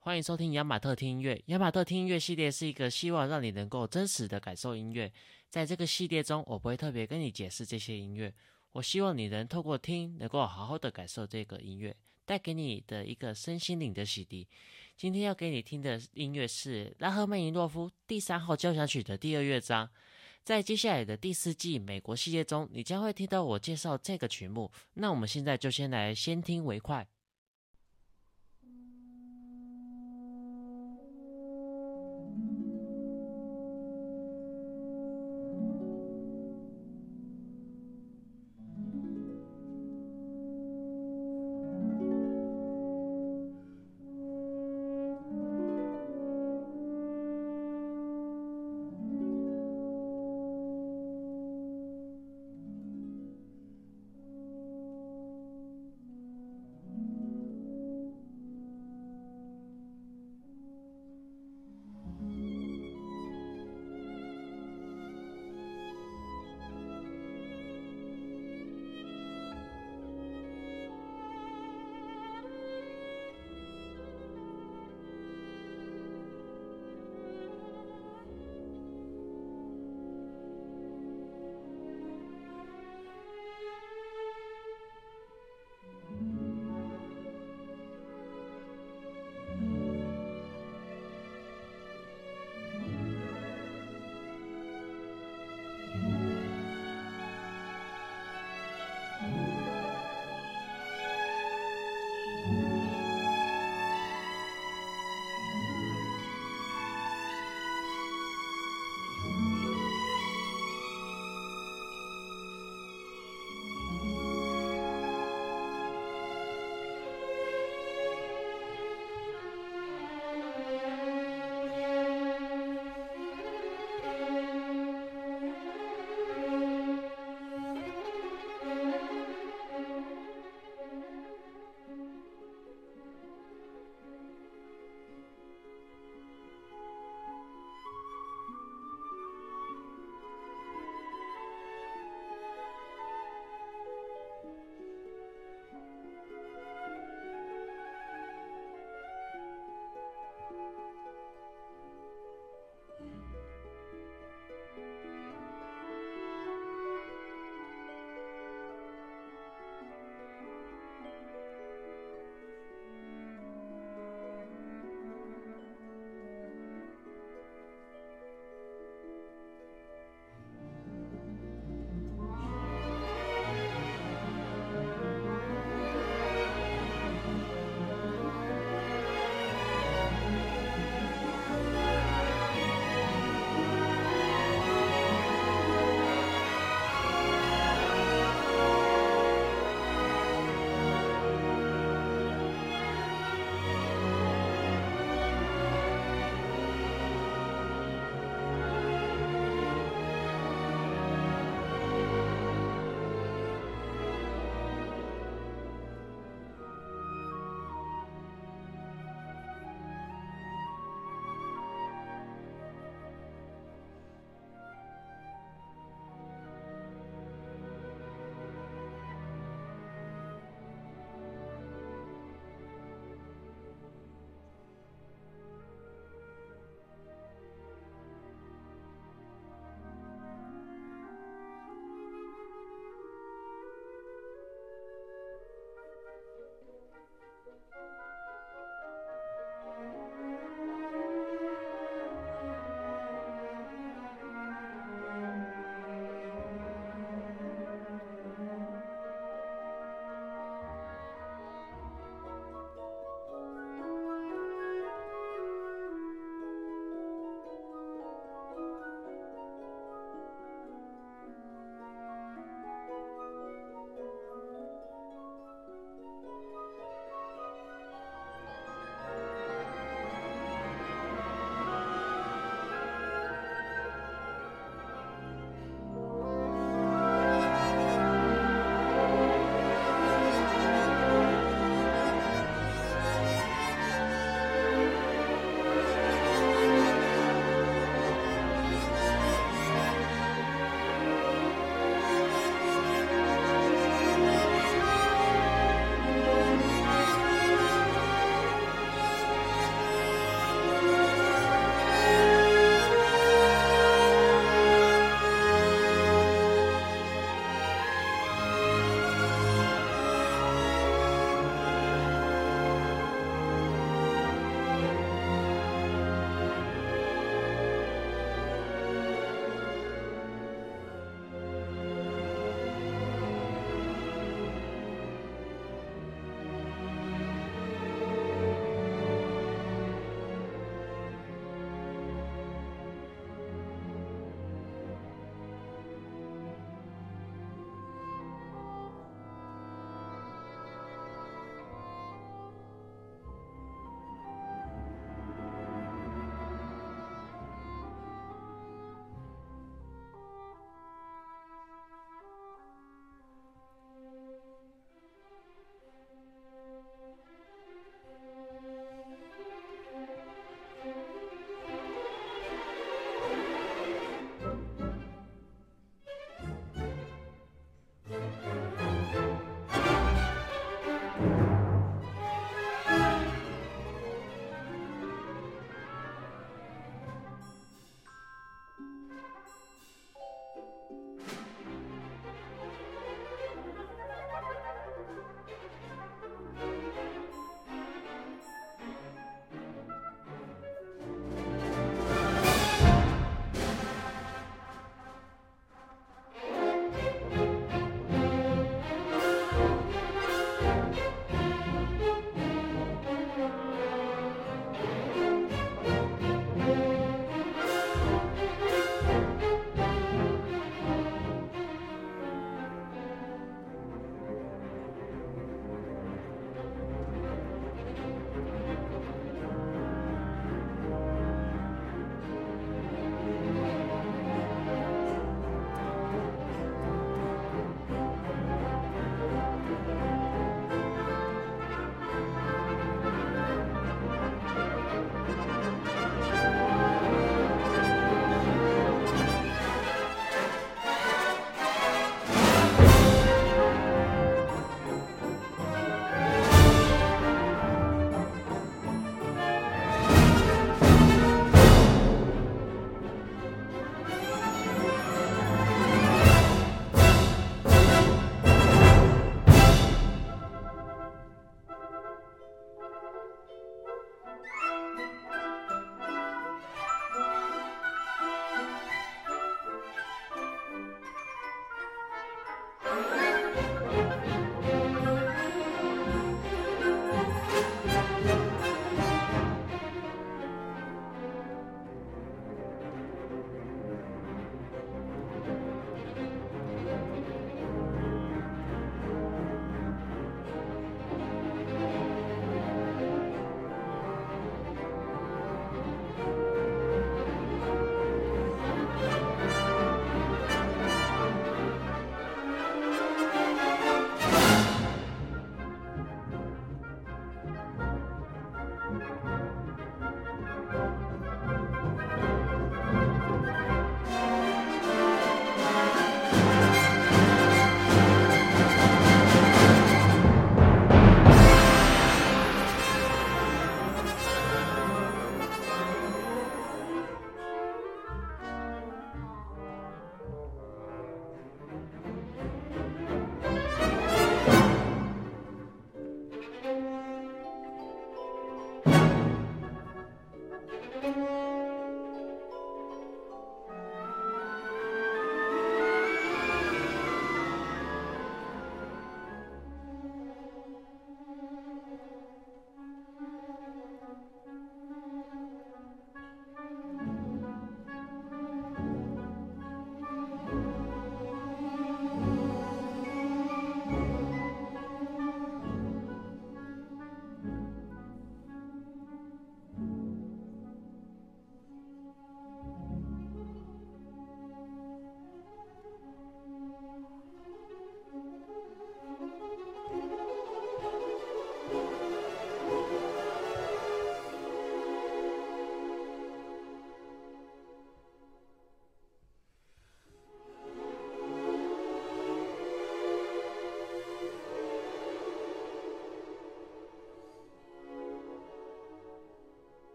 歡迎收聽雅馬特聽音樂。雅馬特聽音樂系列是一個希望讓你能夠真實的感受音樂。在這個系列中，我不會特別跟你解釋這些音樂，我希望你能透過聽，能夠好好的感受這個音樂帶給你的一個身心靈的洗滌。今天要給你聽的音樂是拉赫曼尼諾夫第三號交響曲的第二樂章。在接下來的第四季美國系列中，你將會聽到我介紹這個曲目。那我們現在就先來先聽為快。